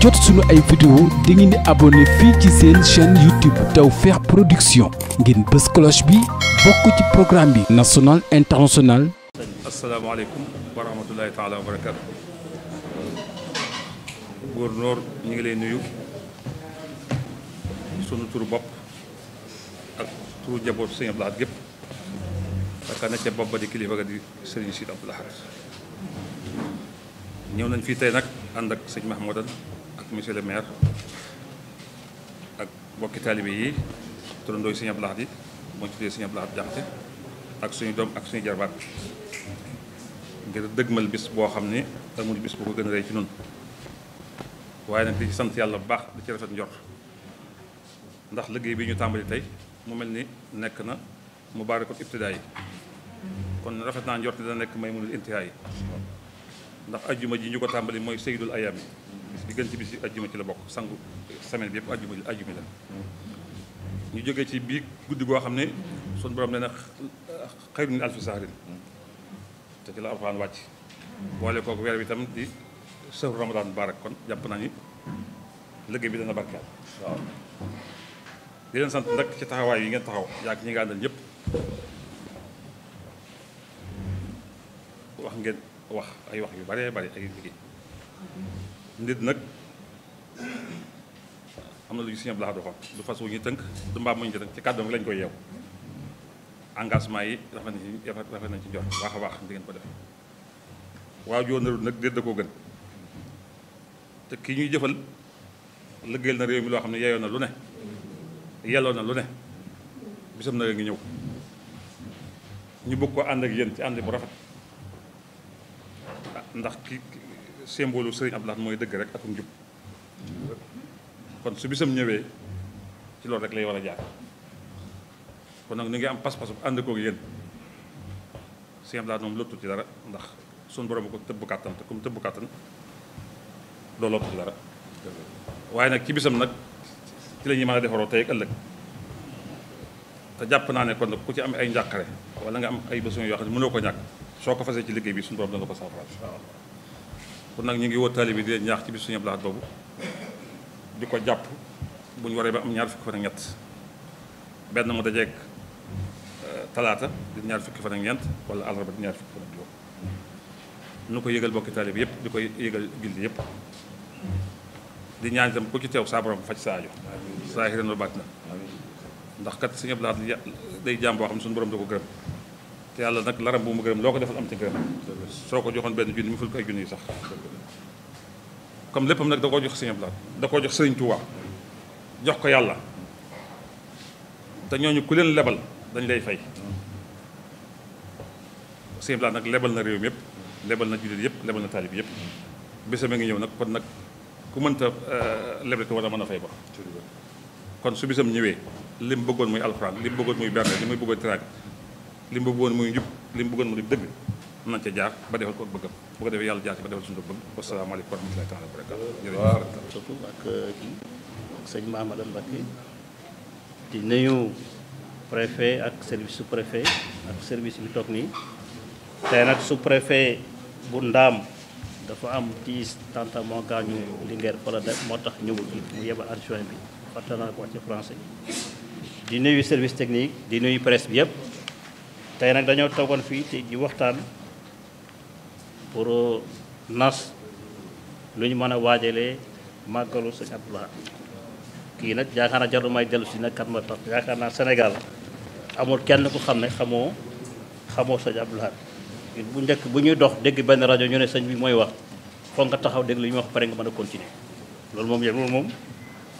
jot suñu ay vidéo da ngeen di abonné fii ci seen chaîne YouTube Tawfekh Production ngeen bës cloche bi bokk ci programme bi national international asalaamaaleykum wa rahmatullahi taala wa barakaatu gouverneur ñu ngi lay nuyu sunu turu bopp ak turu jaboot sëñ Abdou Lahad gépp ca bopp ba di kilifa ga di sëriñ Sidi Abdou ñëw nañ fii tey nag ànd ak sëñ monsieur le maire ak bokki taalibe yi turandooy Sëñ Abdu Lahat yi moo ci tuddee Sëñ Abdu Lahat ak suñu doom ak suñu jarbaat ngir dëgmal bis boo xam ne amul bis bu ko gën a rëy ci nun waaye nag di sant yàlla bu baax di ci rafet njort ndax liggéey bi ñu tàmbali tey mu mel ni nekk na mu baare ko ibtidaa yi kon rafet naa njort dina nekk may mënul intihaa yi ndax ajjuma ji ñu ko tàmbali mooy seydul ayaam yi li gën ci bis yi ajjuma ci la bokk sangu semaine bi yëpp ajjuma ajjuma la ñu jóge ci biir guddi goo xam ne suñu borom nee na xayru min alfi te ci la alxuraan wàcc boole kooku weer bi tam di sëru ramadan mubarak kon jàpp naa ni liggéey bi dana barkeel waaw di leen ci taxawaay yi ngeen taxaw yaa ñi nga àndal ñëpp wax ngeen wax ay wax yu bare bare ay liggéey nit nag am na lu ñu si ñëpp doxam du fas wu ñu tënk du mbaam mu ñu tënk ci kàddu lañ koy yeew engagement yi rafet nañ ci rafet nañ ci njort baax a baax di ko def waaw joo nag déet da koo gën te kii ñuy jëfal liggéeyal na réew mi loo xam ne yeyoo na lu ne yelloo na lu ne bisam na ngi ñëw ñu bëgg ko ànd ak yéen ci ànd bu rafet ah, ndax ki symbole Serigne Abdou Lahad mooy dëgg rek ak njub kon su bisam ñëwee ci loolu rek lay war a jaar kon nag ñu ngi am pas-pas bu ànd koog yéen Serigne Abdou Lahad dara ndax suñu borom ko tëbb kàttan te comme tëbb kàttan doo lottu ci dara waaye nag ci bisam nag ci la ñuy mën defaroo tey ëllëg te jàpp naa ne kon nag ku ci am ay njàqare wala nga am ay besoin yoo xam ne mënoo ko ñàkk soo ko fasee ci liggéey bi suñ borom da nga ko saafara kon nag ñu ngi woo taalibe bi di leen ñaax ci bisu Sëñ Abdou boobu di ko jàpp bu ñu waree ba am ñaar fukki fan ak ñett benn mu dajeeg euh, talaata di ñaar fukki fan ak ñeent wala àllarba di ñaar fukki fan ak juróom nu ko yëgal bokki taalibe bi yëpp di koy yëgal gildi yëpp di ñaan itam ku ci teew saa borom faj sa aajo saa xiran baat na ndax kat Sëñ Abdou Lahad day jaam boo xam ne suñu borom da ko gërëm te yàlla nag laram bu mu gërëm loo ko defal am ci gërëm soo ko joxoon benn junni mu ful ko ay junni sax comme léppam nag da koo jox Sëriñ Abdou da koo jox Sëriñ Tuubaa jox ko yàlla te ñooñu ku leen lebal dañ lay fay Sëriñ Abdou nag lebal na réew mi yëpp lebal na jullit yëpp lebal na taalib yëpp bésam a ngi ñëw nag kon nag ku mënta euh, leble ko war a mën a fay ba kon su bisam ñëwee li mu bëggoon muy alxuraan li bëggoon muy berne li muy bëggoon tiraag li mu bëggoon muy njub li mu bëggoon muy dëgg nañ ca jaar ba defal ko bëggam bu ko yàlla jaar ci ba defal suñu bëgg wasalaamaaleykum wa rahmatullahi wa surtout ak euh, sëñ Mamadou Mbacké di nuyu service sous bi toog nii tey nag sous préfet bu ndaam dafa am tiis tanta moo gaañu Linguère fa la def moo tax ñëwul fii mu yebal adjoint bi fàtte naa ko wax ci français di nuyu service technique di nuyu presse bi yëpp tey nag dañoo toogoon fii te ji waxtaan pour nas lu ñu mën a waajalee màggalu sëñ Abdou Lahad kii nag yaakaar naa jarul may dellu si nag kat ma tax yaakaar naa Sénégal amul kenn ku xam ne xamoo xamoo sëñ Abdou bu njëkk bu ñuy dox dégg benn rajo ñu ne sëñ bi mooy wax foog nga taxaw dégg li ñuy wax pare nga mën a continuer loolu moom yëpp loolu moom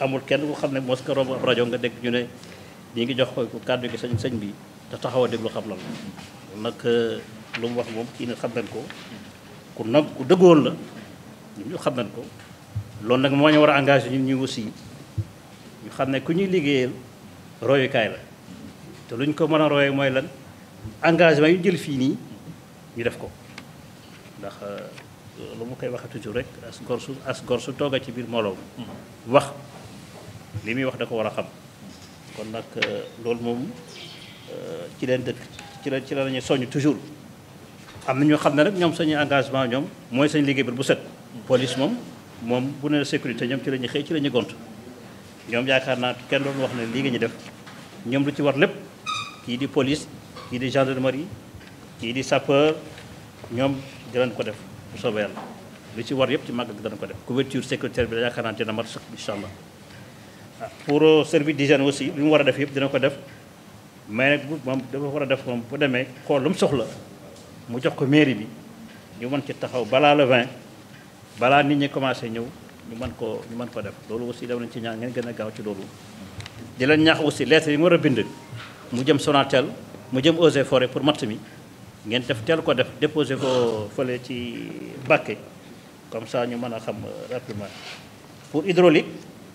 amul kenn ku xam ne mos ko ab rajo nga dégg ñu ne ñu ngi jox ko kàddu ki sañ sañ bi te taxaw a déglu xam lan la nag euh, lu mu wax moom kii ne xam nañ ko ku nag ku dëggoon la ñun ñu xam nañ ko loolu nag moo war a engagé ñun ñu aussi ñu xam ne ku ñuy liggéeyal royukaay la te lu ko mën a roye mooy lan engagement yu jël fii nii ñu def ko ndax euh, lu mu koy waxee toujours rek as gor su as gor su ci biir mbooloo wax li muy wax da ko war a xam kon nag euh, loolu moom Euh, ci leen dëkk ci la ci la lañuy soññ toujours am na ñoo xam ne rek ñoom sañu engagement ñoom mooy sañ liggéey bi bu set police moom moom bu ne sécurité ñoom ci la ñuy xëy ci la ñuy gont ñoom yaakaar naa kenn doon wax ne lii nga ñu def ñoom lu ci war lépp kii di police kii di gendarmerie kii di sapeur ñoom dinañ ko def bu soobee yàlla lu ci war yëpp ci màggal dinañ ko def couverture sécuritaire bi yaakaar naa dina mat sax allah ah, pour euh, a def ko def mais nag bu moom dafa war a def moom bu demee xool lu mu soxla mu jox ko mairie bi ñu mën ci taxaw balaa la 20 balaa nit ñi commencé ñëw ñu mën ko mën ko def loolu aussi dama nañ ci ñaan ngeen gën a gaaw ci loolu di leen ñaax aussi lettre yi nga war a bind mu jëm Sonatel mu jëm Eaux et pour match mi ngeen def teel ko def déposé ko fële ci Bakke comme ça ñu mën a xam rapidement pour hydraulique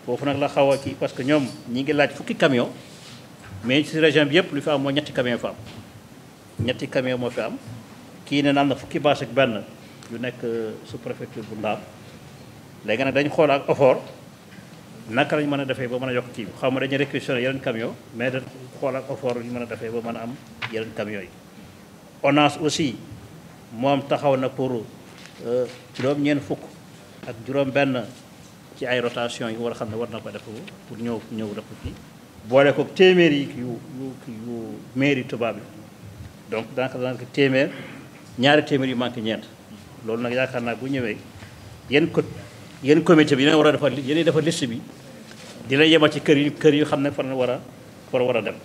foofu nag la xaw a kii parce que ñoom ñi ngi laaj fukki camion mais ci région bi yëpp lu fi am mooy ñetti camion fa am ñetti camion moo fi am kii ne naan na fukki bâche ak benn yu nekk euh, sous préfecture bu Ndaam léegi nag dañ xool ak effort naka lañ mën a defee ba mën a yokk kii bi xaw ma dañuy réquisitionné yeneen camion mais dañ xool ak effort ñu mën a defee ba mën a am yeneen camion yi ONAS aussi moom taxaw na pour euh, juróom-ñeent fukk ak juróom benn ci ay rotation yi war a xam ne war na ko def pour ñëw ñëw def fii boole ko téeméeri yu yu yu mairie tubaab yi donc daanaka daanaka téeméer ñaari téeméer yu manqué ñeent loolu nag yaakaar naa bu ñëwee yéen ko yéen comité bi yéen war a defar yéen defar liste bi dina yemal ci kër yi kër yi xam ne fan war a far war a dem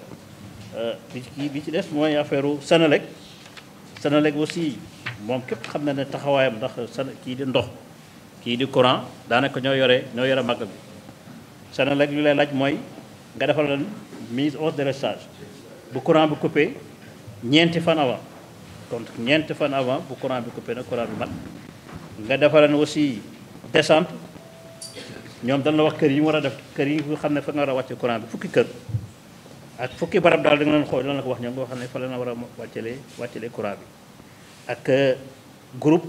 euh, bi ci bi ci des mooy affaire Senelec Senelec aussi moom képp xam na ne taxawaayam ndax san kii di ndox kii di courant daanaka ñoo yore ñoo yore màgg bi Senelec lu lay laaj mooy nga defal leen mise hors délestage bu courant bi coupé ñeenti fan avant kon ñeenti fan avant bu courant bi coupé nag courant bi mat nga defal aussi descente ñoom dañ wax kër yi mu war a def kër yi nga xam ne fa nga war a wàcce courant bi fukki kër ak fukki barab daal da nga leen xool lan la ko wax ñoom nga xam ne fa la na war a wàccelee wàccelee courant bi ak euh, groupe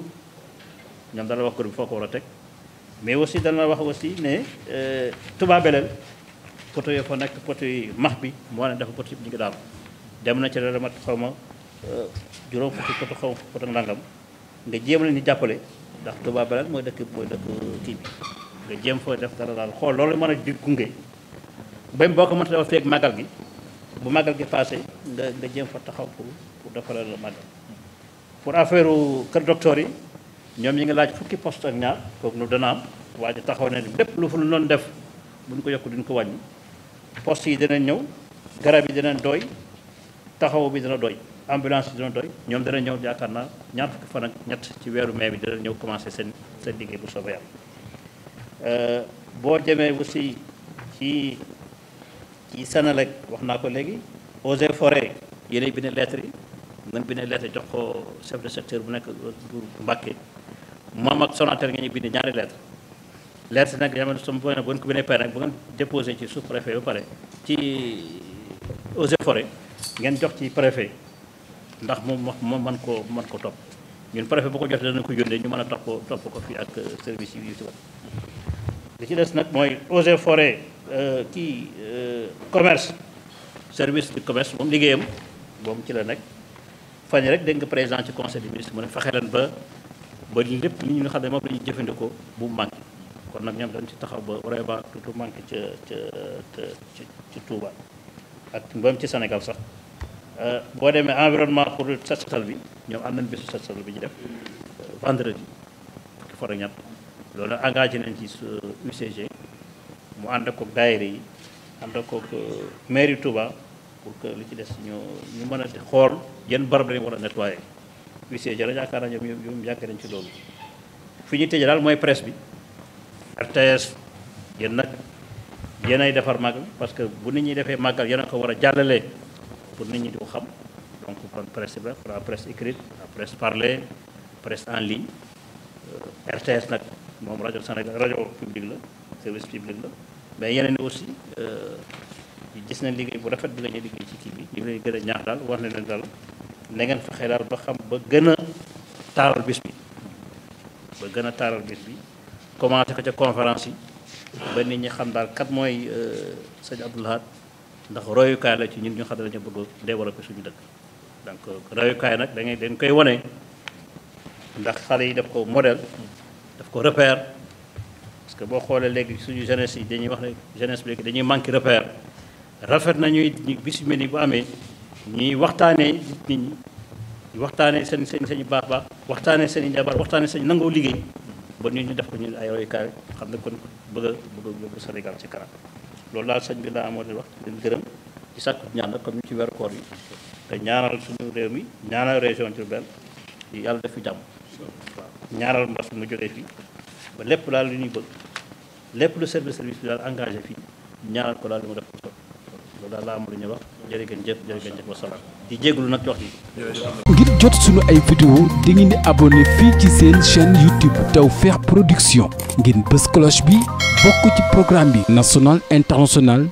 ñoom dañ la wax groupe bi foo ko war a teg mais aussi dañ wax aussi ne euh, Touba poto yoo fa nekk max bi moo ne dafa poto yëpp ñu ngi dem na ci dara mat xaw ma euh, juróom fukki poto xaw ma poto nga jéem leen di jàppale ndax Touba mooy dëkk mooy dëkk kii bi nga foo def dara daal xool loolu mën a di gunge ba boo ko mënta màggal gi bu màggal gi passé nga nga jéem fa taxaw pour pour defaral la affaire kër docteur yi ñoom yi nga laaj fukki poste ak ñaar kooku nu dana am waa ji taxaw ne lépp lu fu lu noonu def bu ñu ko yokk duñ ko wàññi poste yi dinañ ñëw garab yi dinañ doy taxaw bi dina doy ambulance yi dina doy ñoom dana ñëw yaakaar naa ñaar fukki fan ñett ci weeru mai bi dina ñëw commencé seen seen liggéey bu soobee yàlla euh, boo demee aussi ci ci Senelec wax naa ko léegi eaux et forêt yéenay bind lettre yi nañ bind lettre jox ko chef de secteur bu nekk bu Mbàkke moom ak Sonatel nga ñu bind ñaari lettre lettre nag yamal su boo ne bu ko bine pare nag déposé ci sous préfet ba pare ci eaux et ngeen jox ci préfet ndax moom moom man ko man ko topp ñun préfet bu ko jotee dana ko yónnee ñu man a topp topp ko fii ak euh, service yi ci wax li ci des nag mooy eaux fore forêts euh, kii euh, commerce service du commerce moom liggéeyam moom ci la nekk fan rek dégg nga président ci conseil des ministres mu ne fexe leen ba ba lépp li ñu xam ne moom la ñuy jëfandikoo bu manqué kon nag ñoom dañ ci taxaw ba vraiment tuuti manqué ca ca ca ca Touba ak mboom ci Sénégal sax euh, boo demee environnement pour set setal bi ñoom am nañ bésu set setal bi ñu def euh, vendredi fukki fan ak loolu engagé nañ ci UCG mu ànd ak koog daayira yi ànd ak koog euh, mairie Touba pour que li ci des ñu ñu mën a xool yan barab lañu war a nettoyer UCG la yaakaar naa ñoom ñoom yàgg nañ ci loolu fi ñu tëjee daal mooy presse bi. RTS yéen nag yéenay defar màggal parce que bu nit ñi defee màggal yéen a ko war a jàllale pour nit ñi di ko xam donc kon presse bi la presse écrite la presse parlée presse en ligne euh, RTS nag moom rajo Sénégal rajo public la service public la mais yeneen ni aussi euh, gis nañ liggéey bu rafet bi la ñuy liggéey ci kii bi ñu leen gën a ñaax daal war na leen daal na ngeen fexe daal ba xam ba gën a taaral bis bi ba gën a taaral bis bi commencé ko ca conférence yi ba nit ñi xam daal kat mooy euh, sëñ Abdou Lahad ndax royukaay la ci ñun ñu xam ne dañu bëgg développé suñu dëkk donc euh, royukaay nag da ngay dañ koy wone ndax xale yi daf ko modèle daf ko repère parce que boo xoolee léegi suñu jeunesse yi dañuy wax ne jeunesse bi léegi dañuy manqué repère rafet nañuy bis yu mel ni bu amee ñuy waxtaanee nit ñi waxtaanee seen seen seen baax baax waxtaanee seen i njabar waxtaanee seen nangoo liggéey ba nit ñu def ko ñun ay royukaay xam ne kon bëgg a bëgg a Sénégal ci kanam lool daal sañ bi laa amoon ni wax leen gërëm ci sàkku ñaan nag comme ñu ci weeru koor yi te ñaanal suñu réew mi ñaanal région Diourbel yàlla def fi jàmm waaw ñaanal mbas mu jógee fii ba lépp daal lu ñuy bëgg lépp lu service service bi daal engagé fii ñaanal ko daal li mu def ko lool daal laa amoon lu ñuy wax jërë ngeen jëf jërë ngeen jëf wa salaam di jégalu nag ci wax ji. ngir jot sunu ay vidéo di ngeen di abonné fii ci seen chaîne YouTube Tawfekh Production ngeen bës cloche bi bokk ci programme bi national international.